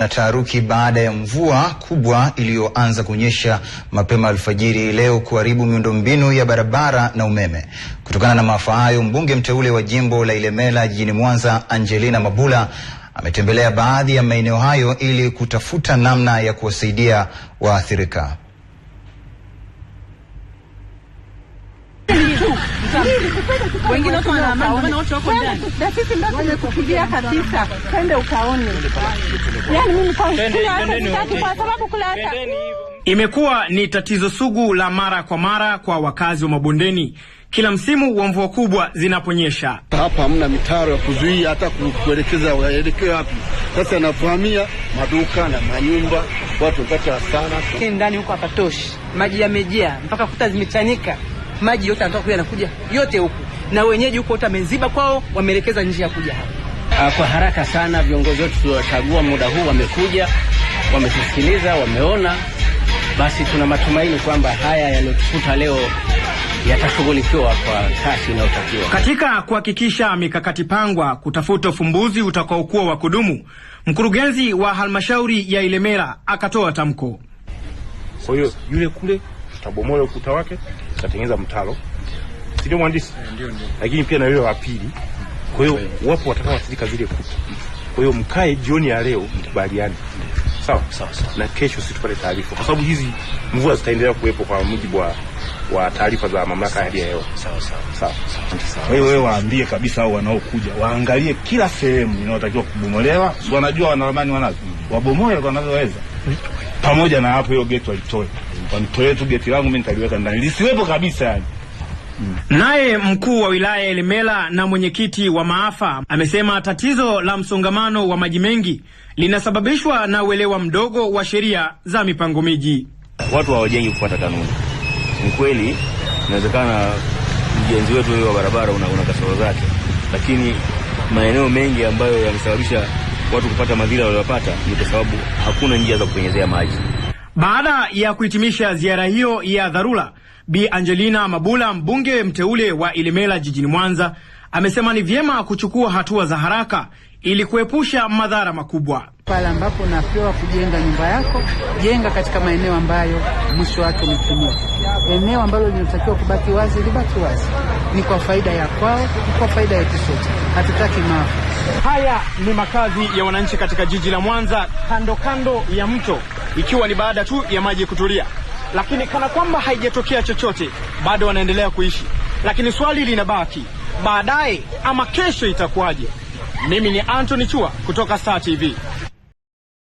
na taharuki baada ya mvua kubwa iliyoanza kunyesha mapema alfajiri leo kuharibu miundombinu ya barabara na umeme. Kutokana na maafa hayo, mbunge mteule wa jimbo la Ilemela jijini Mwanza, Angelina Mabula ametembelea baadhi ya maeneo hayo ili kutafuta namna ya kuwasaidia waathirika. wengine watu wana amani, watu wako yaani, ndani, na sisi ndio tumekupigia kabisa, twende ukaone. Yani mimi kwa sababu kula hata imekuwa ni tatizo sugu la mara kwa mara kwa wakazi wa mabondeni kila msimu wa mvua kubwa zinaponyesha. Hapa hamna mitaro ya kuzuia hata kuelekeza waelekee wapi. Sasa yanafahamia maduka na manyumba, watu wapata hasara ndani huko, hapatoshi, maji yamejaa mpaka kuta zimechanika maji yote yanataka kuja yanakuja yote huku, na wenyeji huko wote wameziba kwao, wameelekeza njia ya kuja hapa ah, kwa haraka sana. Viongozi wetu tuliowachagua muda huu wamekuja, wametusikiliza, wameona. Basi tuna matumaini kwamba haya yaliyotukuta leo yatashughulikiwa kwa kasi inayotakiwa. Katika kuhakikisha mikakati pangwa kutafuta ufumbuzi utakaokuwa wa kudumu, mkurugenzi wa halmashauri ya Ilemela akatoa tamko. Kwa hiyo yule kule utabomoa ukuta wake, utatengeneza mtaro, ndio mhandisi? Ndio, ndio. Lakini pia na yule wa pili. Kwa hiyo wapo watakaoathirika zile kuta. Kwa hiyo mkae jioni ya leo mkubaliane. Sawa sawa sawa. Na kesho tupate taarifa kwa sababu hizi mvua zitaendelea kuwepo kwa mujibu wa wa taarifa za mamlaka ya hali ya hewa. Sawa sawa. Sawa. Wewe wewe waambie kabisa au wanaokuja waangalie kila sehemu inayotakiwa kubomolewa. Si wanajua wanaramani wanazo. Mm. Wabomoe wanavyoweza. Pamoja na hapo hiyo geti walitoe. Wanitolee geti langu mimi nitaliweka ndani lisiwepo kabisa yani. Naye mkuu wa wilaya ya Ilemela na mwenyekiti wa maafa amesema tatizo la msongamano wa maji mengi linasababishwa na uelewa mdogo wa sheria za mipango miji. Watu hawajengi kufuata kanuni. Ni kweli inawezekana mjenzi wetu wa barabara una, una kasoro zake, lakini maeneo mengi ambayo yamesababisha watu kupata madhila waliyopata ni kwa sababu hakuna njia za kupenyezea maji. Baada ya kuhitimisha ziara hiyo ya dharura, Bi Angelina Mabula, mbunge mteule wa Ilemela jijini Mwanza, amesema ni vyema kuchukua hatua za haraka ili kuepusha madhara makubwa. Pale ambapo unapewa kujenga nyumba yako, jenga katika maeneo ambayo mwisho wake umetumia. Eneo ambalo linatakiwa kubaki wazi libaki wazi, ni kwa faida ya kwao, ni kwa faida yetu sote. Hatutaki maafa. Haya ni makazi ya wananchi katika jiji la Mwanza, kando kando ya mto, ikiwa ni baada tu ya maji kutulia, lakini kana kwamba haijatokea chochote, bado wanaendelea kuishi. Lakini swali linabaki, baadaye ama kesho itakuwaje? Mimi ni Anthony Chua kutoka Star TV.